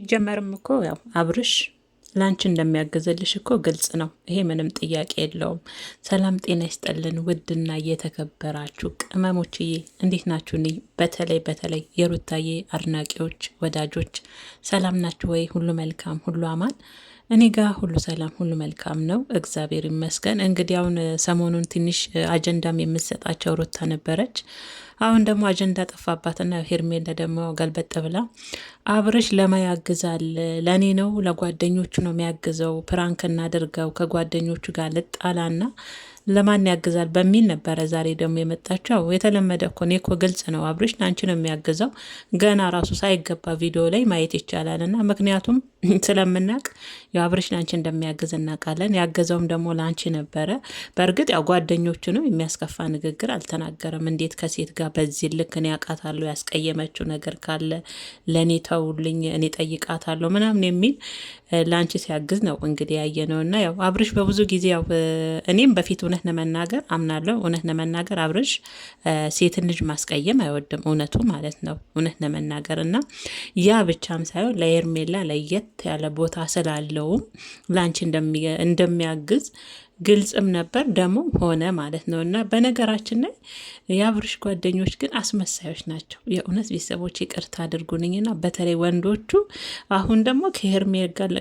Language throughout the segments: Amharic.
ሲጀመርም እኮ ያው አብርሽ ላንቺ እንደሚያገዘልሽ እኮ ግልጽ ነው። ይሄ ምንም ጥያቄ የለውም። ሰላም ጤና ይስጠልን። ውድና እየተከበራችሁ ቅመሞችዬ እንዴት ናችሁ? በተለይ በተለይ የሩታዬ አድናቂዎች ወዳጆች ሰላም ናችሁ ወይ? ሁሉ መልካም ሁሉ አማን እኔ ጋር ሁሉ ሰላም ሁሉ መልካም ነው፣ እግዚአብሔር ይመስገን። እንግዲህ አሁን ሰሞኑን ትንሽ አጀንዳም የምሰጣቸው ሩታ ነበረች። አሁን ደግሞ አጀንዳ ጠፋባትና ሄርሜላ ደግሞ ገልበጥ ብላ አብርሽ ለማያግዛል ለእኔ ነው ለጓደኞቹ ነው የሚያግዘው፣ ፕራንክ እናድርገው፣ ከጓደኞቹ ጋር ልጣላና ለማን ያግዛል በሚል ነበረ ዛሬ ደግሞ የመጣቸው። የተለመደ እኮ እኔ እኮ ግልጽ ነው አብርሽ ለአንቺ ነው የሚያግዘው። ገና ራሱ ሳይገባ ቪዲዮ ላይ ማየት ይቻላል እና ምክንያቱም ስለምናቅ የአብርሽ ለአንቺ እንደሚያግዝ እናውቃለን። ያገዘውም ደግሞ ለአንቺ ነበረ። በእርግጥ ያው ጓደኞቹንም የሚያስከፋ ንግግር አልተናገረም። እንዴት ከሴት ጋር በዚህ ልክ እኔ አውቃታለሁ፣ ያስቀየመችው ነገር ካለ ለእኔ ተውልኝ፣ እኔ ጠይቃታለሁ ምናምን የሚል ለአንቺ ሲያግዝ ነው እንግዲህ ያየ ነው። እና ያው አብርሽ በብዙ ጊዜ ያው እኔም በፊት እውነት ለመናገር አምናለሁ። እውነት ለመናገር አብርሽ ሴትን ልጅ ማስቀየም አይወድም፣ እውነቱ ማለት ነው። እውነት ለመናገር እና ያ ብቻም ሳይሆን ለኤርሜላ ለየት ያለ ቦታ ስላለውም ለአንቺ እንደሚያግዝ ግልጽም ነበር ደግሞ ሆነ ማለት ነው። እና በነገራችን ላይ የአብርሽ ጓደኞች ግን አስመሳዮች ናቸው። የእውነት ቤተሰቦች ይቅርታ አድርጉንኝና በተለይ ወንዶቹ አሁን ደግሞ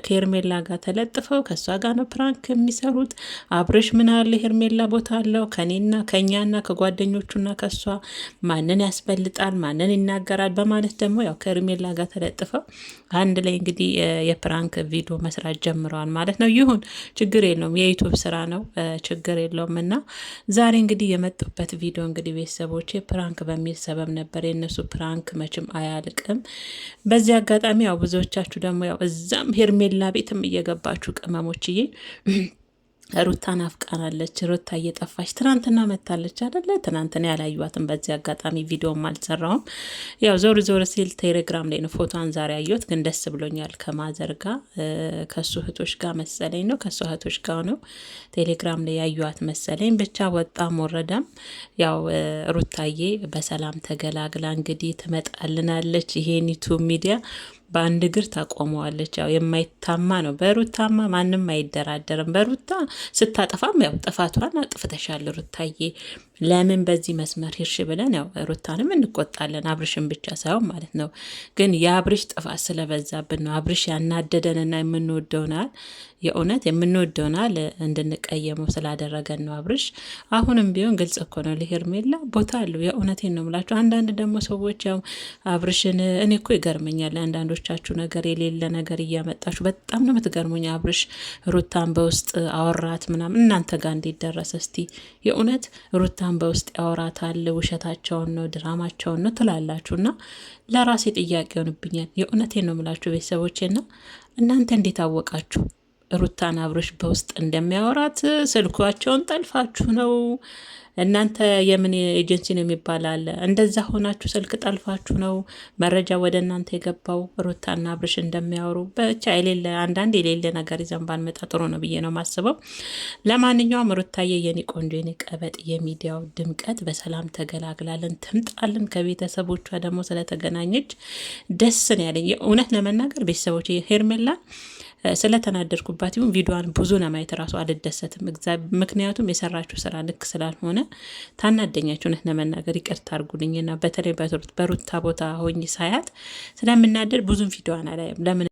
ከሄርሜላ ጋር ተለጥፈው ከእሷ ጋር ነው ፕራንክ የሚሰሩት። አብርሽ ምን አለ ሄርሜላ ቦታ አለው? ከኔና ከእኛና ከጓደኞቹና ከእሷ ማንን ያስበልጣል? ማንን ይናገራል? በማለት ደግሞ ያው ከሄርሜላ ጋር ተለጥፈው አንድ ላይ እንግዲህ የፕራንክ ቪዲዮ መስራት ጀምረዋል ማለት ነው። ይሁን ችግር የለውም የዩቱብ ስራ ነው፣ ችግር የለውም እና ዛሬ እንግዲህ የመጡበት ቪዲዮ እንግዲህ ቤተሰቦቼ ፕራንክ በሚል ሰበብ ነበር። የእነሱ ፕራንክ መቼም አያልቅም። በዚህ አጋጣሚ ያው ብዙዎቻችሁ ደግሞ ያው እዛም ሄርሜላ ቤትም እየገባችሁ ቅመሞችዬ ሩታ ናፍቃናለች። ሩታ እየጠፋች ትናንትና መታለች አደለ? ትናንትና ያላዩዋትን በዚህ አጋጣሚ ቪዲዮም አልሰራውም። ያው ዞር ዞር ሲል ቴሌግራም ላይ ነው ፎቶን ዛሬ ያየሁት፣ ግን ደስ ብሎኛል። ከማዘር ጋ ከሱ እህቶች ጋር መሰለኝ ነው ከሱ እህቶች ጋር ነው ቴሌግራም ላይ ያዩዋት መሰለኝ። ብቻ ወጣም ወረዳም ያው ሩታዬ በሰላም ተገላግላ እንግዲህ ትመጣልናለች። ይሄን ዩቱብ ሚዲያ በአንድ እግር ታቆመዋለች። ያው የማይታማ ነው። በሩታማ ማንም አይደራደርም። በሩታ ስታጠፋም ያው ጥፋቷን አጥፍተሻል ሩታዬ ለምን በዚህ መስመር ሂርሽ ብለን ያው ሩታንም እንቆጣለን፣ አብርሽን ብቻ ሳይሆን ማለት ነው። ግን የአብርሽ ጥፋት ስለበዛብን ነው። አብርሽ ያናደደንና የምንወደውናል የእውነት የምንወደውናል እንድንቀየመው ስላደረገን ነው። አብርሽ አሁንም ቢሆን ግልጽ እኮ ነው፣ ለሄርሜላ ቦታ አለው። የእውነቴን ነው የምላቸው አንዳንድ ደግሞ ሰዎች ያው አብርሽን እኔ እኮ ይገርመኛል አንዳንዶቻችሁ ነገር የሌለ ነገር እያመጣችሁ በጣም ነው የምትገርሙኝ። አብርሽ ሩታን በውስጥ አወራት ምናምን እናንተ ጋር እንዴት ደረሰ እስቲ የእውነት ሩታ እናም በውስጥ ያወራታል። ውሸታቸውን ነው ድራማቸውን ነው ትላላችሁ እና ለራሴ ጥያቄ ሆንብኛል። የእውነቴ ነው የምላችሁ ቤተሰቦቼ ና እናንተ እንዴት አወቃችሁ? ሩታን አብርሽ በውስጥ እንደሚያወራት ስልኳቸውን ጠልፋችሁ ነው እናንተ የምን ኤጀንሲ ነው የሚባል አለ። እንደዛ ሆናችሁ ስልክ ጠልፋችሁ ነው መረጃ ወደ እናንተ የገባው ሩታና አብርሽ እንደሚያወሩ። ብቻ የሌለ አንዳንድ የሌለ ነገር ይዘን ባንመጣ ጥሩ ነው ብዬ ነው ማስበው። ለማንኛውም ሩታዬ፣ የኔ ቆንጆ፣ የኔ ቀበጥ፣ የሚዲያው ድምቀት በሰላም ተገላግላለን ትምጣልን። ከቤተሰቦቿ ደግሞ ስለተገናኘች ደስ ነው ያለኝ። እውነት ለመናገር ቤተሰቦች ሄርሜላ ስለተናደድኩባት ይሁን ቪዲዮዋን ብዙ ለማየት ራሱ አልደሰትም። ምክንያቱም የሰራችሁ ስራ ልክ ስላልሆነ ታናደኛችሁ። እውነት ለመናገር ይቅርታ አርጉልኝና በተለይ በሩታ ቦታ ሆኜ ሳያት ስለምናደድ ብዙም ቪዲዮዋን አላየም ለምን